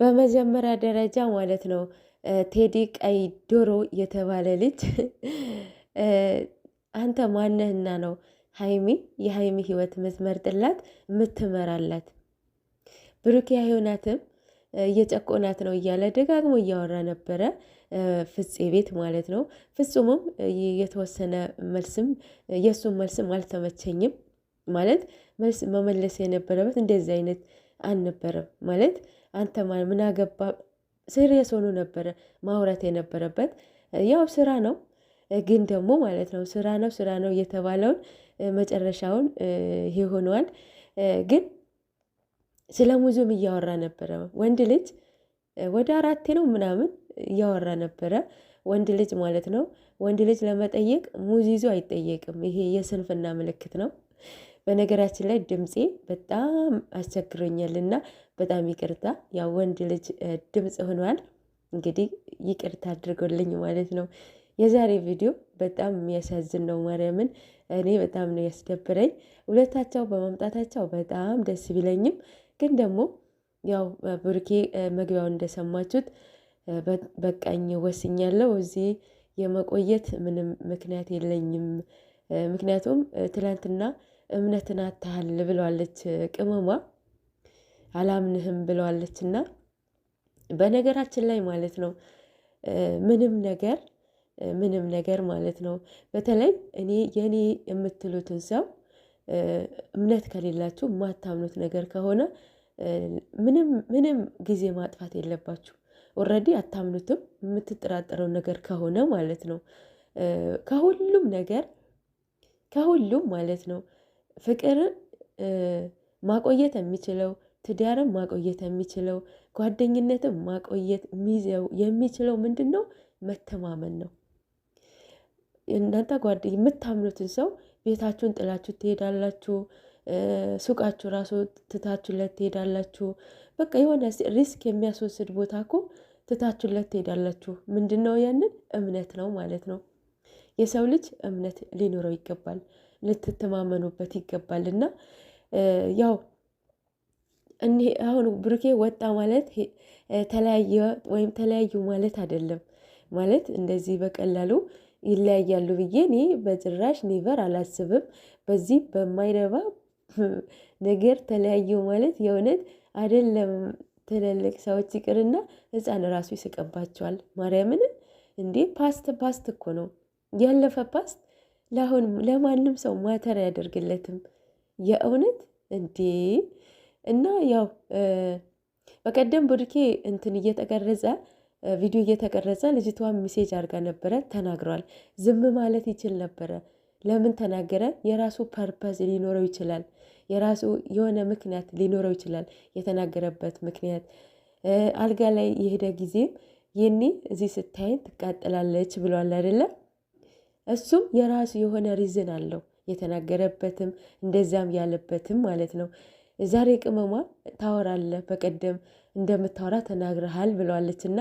በመጀመሪያ ደረጃ ማለት ነው ቴዲ ቀይ ዶሮ የተባለ ልጅ አንተ ማነህና ነው ሀይሚ የሀይሚ ህይወት የምትመርጥላት ምትመራላት? ብሩክ ያሆናትም እየጨቆናት ነው እያለ ደጋግሞ እያወራ ነበረ፣ ፍፄ ቤት ማለት ነው። ፍጹምም የተወሰነ መልስም የእሱም መልስም አልተመቸኝም ማለት መልስ መመለስ የነበረበት እንደዚህ አይነት አልነበረም ማለት አንተ ማን ምን አገባ ሴሪየስ ሆኖ ነበረ ማውራት የነበረበት። ያው ስራ ነው ግን ደግሞ ማለት ነው ስራ ነው ስራ ነው እየተባለውን መጨረሻውን ይሄ ሆነዋል። ግን ስለ ሙዚየም እያወራ ነበረ ወንድ ልጅ ወደ አራቴ ነው ምናምን እያወራ ነበረ ወንድ ልጅ ማለት ነው። ወንድ ልጅ ለመጠየቅ ሙዝ ይዞ አይጠየቅም። ይሄ የስንፍና ምልክት ነው። በነገራችን ላይ ድምፄ በጣም አስቸግሮኛልና በጣም ይቅርታ። ያው ወንድ ልጅ ድምፅ ሆኗል እንግዲህ ይቅርታ አድርጎልኝ ማለት ነው። የዛሬ ቪዲዮ በጣም የሚያሳዝን ነው። ማርያምን እኔ በጣም ነው ያስደብረኝ። ሁለታቸው በማምጣታቸው በጣም ደስ ቢለኝም ግን ደግሞ ያው ብሩኬ መግቢያውን እንደሰማችሁት በቃኝ ወስኛለሁ፣ እዚህ የመቆየት ምንም ምክንያት የለኝም። ምክንያቱም ትላንትና እምነትን አታሃል ብለዋለች ቅመሟ። አላምንህም ብለዋለች። እና በነገራችን ላይ ማለት ነው ምንም ነገር ምንም ነገር ማለት ነው በተለይ እኔ የእኔ የምትሉትን ሰው እምነት ከሌላችሁ የማታምኑት ነገር ከሆነ ምንም ምንም ጊዜ ማጥፋት የለባችሁ። ኦልሬዲ አታምኑትም የምትጠራጠረው ነገር ከሆነ ማለት ነው ከሁሉም ነገር ከሁሉም ማለት ነው ፍቅር ማቆየት የሚችለው ትዳርን ማቆየት የሚችለው ጓደኝነትን ማቆየት ሚዘው የሚችለው ምንድን ነው? መተማመን ነው። እናንተ ጓደኝ የምታምኑትን ሰው ቤታችሁን ጥላችሁ ትሄዳላችሁ። ሱቃችሁ ራሱ ትታችሁለት ትሄዳላችሁ። በቃ የሆነ ሪስክ የሚያስወስድ ቦታ እኮ ትታችሁለት ትሄዳላችሁ። ምንድን ነው? ያንን እምነት ነው ማለት ነው። የሰው ልጅ እምነት ሊኖረው ይገባል። ልትተማመኑበት ይገባል። እና ያው እኒህ አሁን ብሩኬ ወጣ ማለት ተለያየ ወይም ተለያዩ ማለት አይደለም። ማለት እንደዚህ በቀላሉ ይለያያሉ ብዬ እኔ በጭራሽ ኔቨር አላስብም። በዚህ በማይረባ ነገር ተለያዩ ማለት የእውነት አይደለም። ትልልቅ ሰዎች ይቅርና ሕፃን ራሱ ይስቀባቸዋል። ማርያምን እንዴ ፓስት ፓስት እኮ ነው ያለፈ ፓስት ለአሁን ለማንም ሰው ማተር አያደርግለትም። የእውነት እንዴ! እና ያው በቀደም ቡድኬ እንትን እየተቀረጸ ቪዲዮ እየተቀረጸ ልጅቷን ሚሴጅ አድርጋ ነበረ ተናግሯል። ዝም ማለት ይችል ነበረ። ለምን ተናገረ? የራሱ ፐርፐዝ ሊኖረው ይችላል። የራሱ የሆነ ምክንያት ሊኖረው ይችላል። የተናገረበት ምክንያት አልጋ ላይ የሄደ ጊዜም ይህኔ እዚህ ስታይን ትቃጥላለች ብሏል አይደለም እሱም የራሱ የሆነ ሪዝን አለው የተናገረበትም እንደዚያም ያለበትም ማለት ነው። ዛሬ ቅመሟ ታወራለህ በቀደም እንደምታወራ ተናግረሃል ብለዋለች እና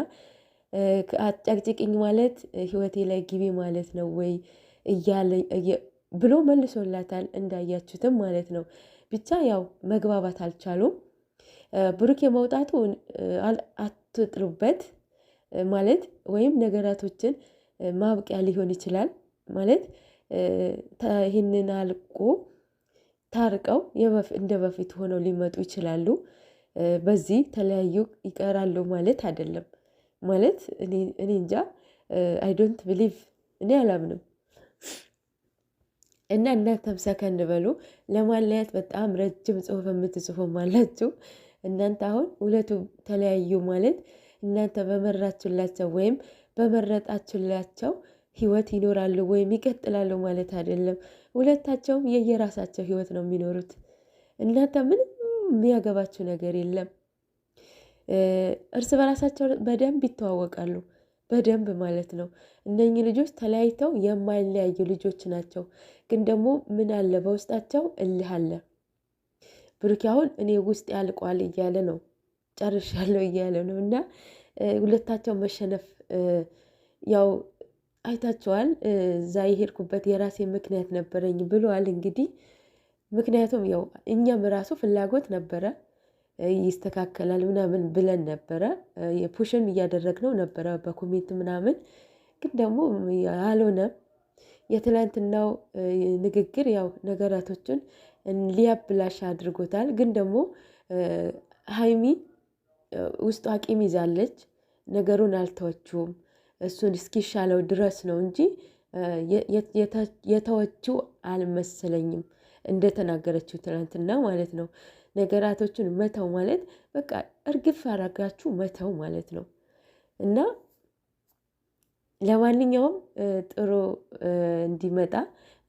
አጫቅጭቅኝ ማለት ህይወቴ ላይ ግቢ ማለት ነው ወይ እያለ ብሎ መልሶላታል። እንዳያችሁትም ማለት ነው። ብቻ ያው መግባባት አልቻሉም። ብሩክ የመውጣቱ አትጥሩበት ማለት ወይም ነገራቶችን ማብቂያ ሊሆን ይችላል። ማለት ይህንን አልቆ ታርቀው እንደ በፊት ሆነው ሊመጡ ይችላሉ። በዚህ ተለያዩ ይቀራሉ ማለት አይደለም። ማለት እኔ እንጃ አይ ዶንት ብሊቭ እኔ አላምንም። እና እናንተም ሰከን በሉ። ለማለያት በጣም ረጅም ጽሁፍ የምትጽፉም አላችሁ። እናንተ አሁን ሁለቱ ተለያዩ ማለት እናንተ በመራችሁላቸው ወይም በመረጣችሁላቸው ህይወት ይኖራሉ ወይም ይቀጥላሉ ማለት አይደለም። ሁለታቸውም የየራሳቸው ህይወት ነው የሚኖሩት። እናንተ ምንም የሚያገባችው ነገር የለም። እርስ በራሳቸው በደንብ ይተዋወቃሉ። በደንብ ማለት ነው። እነኚህ ልጆች ተለያይተው የማይለያዩ ልጆች ናቸው። ግን ደግሞ ምን አለ በውስጣቸው እልህ አለ። ብሩኬ አሁን እኔ ውስጥ ያልቋል እያለ ነው፣ ጨርሻለሁ እያለ ነው እና ሁለታቸው መሸነፍ ያው አይታቸዋል። እዛ የሄድኩበት የራሴ ምክንያት ነበረኝ ብለዋል። እንግዲህ ምክንያቱም ያው እኛም ራሱ ፍላጎት ነበረ ይስተካከላል ምናምን ብለን ነበረ ፑሽም እያደረግነው ነበረ በኮሜንት ምናምን፣ ግን ደግሞ አልሆነም። የትላንትናው ንግግር ያው ነገራቶችን ሊያብላሽ አድርጎታል። ግን ደግሞ ሀይሚ ውስጡ አቂም ይዛለች፣ ነገሩን አልተወችውም። እሱን እስኪሻለው ድረስ ነው እንጂ የተወችው አልመሰለኝም። እንደተናገረችው ትናንትና ማለት ነው። ነገራቶችን መተው ማለት በቃ እርግፍ አረጋችሁ መተው ማለት ነው እና ለማንኛውም ጥሩ እንዲመጣ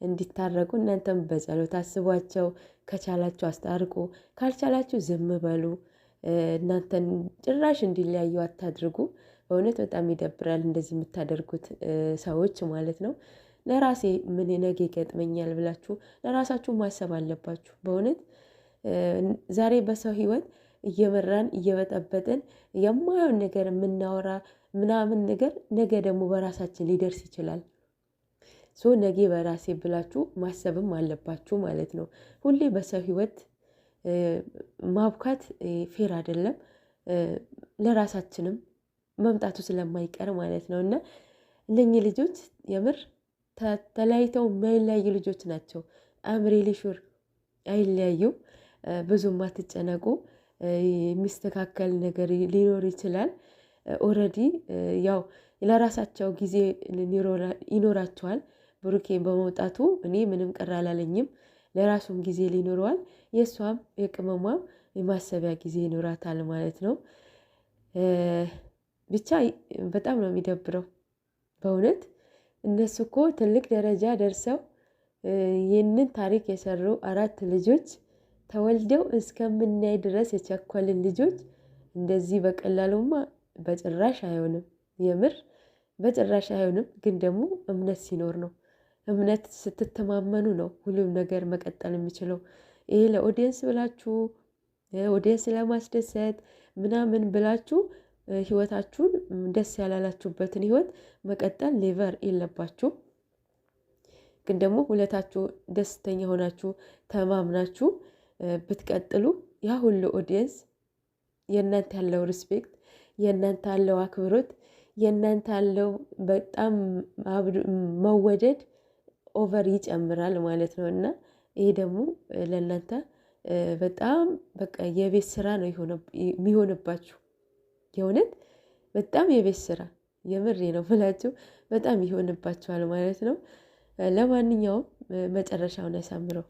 እንዲታረቁ እናንተም በጸሎት አስቧቸው። ከቻላችሁ አስታርቁ፣ ካልቻላችሁ ዝም በሉ። እናንተን ጭራሽ እንዲለያዩ አታድርጉ። በእውነት በጣም ይደብራል እንደዚህ የምታደርጉት ሰዎች ማለት ነው። ለራሴ ምን ነገ ይገጥመኛል ብላችሁ ለራሳችሁ ማሰብ አለባችሁ። በእውነት ዛሬ በሰው ህይወት እየመራን እየበጠበጥን የማየውን ነገር የምናወራ ምናምን ነገር ነገ ደግሞ በራሳችን ሊደርስ ይችላል። ሶ ነገ በራሴ ብላችሁ ማሰብም አለባችሁ ማለት ነው። ሁሌ በሰው ህይወት ማብካት ፌር አይደለም። ለራሳችንም መምጣቱ ስለማይቀር ማለት ነው። እና እነኚህ ልጆች የምር ተለያይተው የማይለያዩ ልጆች ናቸው። አምሬሊ ሹር አይለያዩ ብዙም አትጨነቁ። የሚስተካከል ነገር ሊኖር ይችላል። ኦረዲ ያው ለራሳቸው ጊዜ ይኖራቸዋል። ብሩኬን በመውጣቱ እኔ ምንም ቅር አላለኝም። ለራሱም ጊዜ ሊኖረዋል። የእሷም የቅመሟም የማሰቢያ ጊዜ ይኖራታል ማለት ነው። ብቻ በጣም ነው የሚደብረው በእውነት እነሱ እኮ ትልቅ ደረጃ ደርሰው ይህንን ታሪክ የሰሩ አራት ልጆች ተወልደው እስከምናይ ድረስ የቸኮልን ልጆች እንደዚህ በቀላሉማ በጭራሽ አይሆንም። የምር በጭራሽ አይሆንም። ግን ደግሞ እምነት ሲኖር ነው፣ እምነት ስትተማመኑ ነው ሁሉም ነገር መቀጠል የሚችለው። ይሄ ለኦዲየንስ ብላችሁ ኦዲየንስ ለማስደሰት ምናምን ብላችሁ ህይወታችሁን ደስ ያላላችሁበትን ህይወት መቀጠል ሌቨር የለባችሁ። ግን ደግሞ ሁለታችሁ ደስተኛ ሆናችሁ ተማምናችሁ ብትቀጥሉ ያ ሁሉ ኦዲየንስ የእናንተ ያለው ሪስፔክት፣ የእናንተ ያለው አክብሮት፣ የእናንተ ያለው በጣም መወደድ ኦቨር ይጨምራል ማለት ነው እና ይሄ ደግሞ ለእናንተ በጣም በቃ የቤት ስራ ነው የሚሆንባችሁ። የእውነት በጣም የቤት ስራ የምሬ ነው ብላችሁ በጣም ይሆንባችኋል ማለት ነው። ለማንኛውም መጨረሻውን ያሳምረው።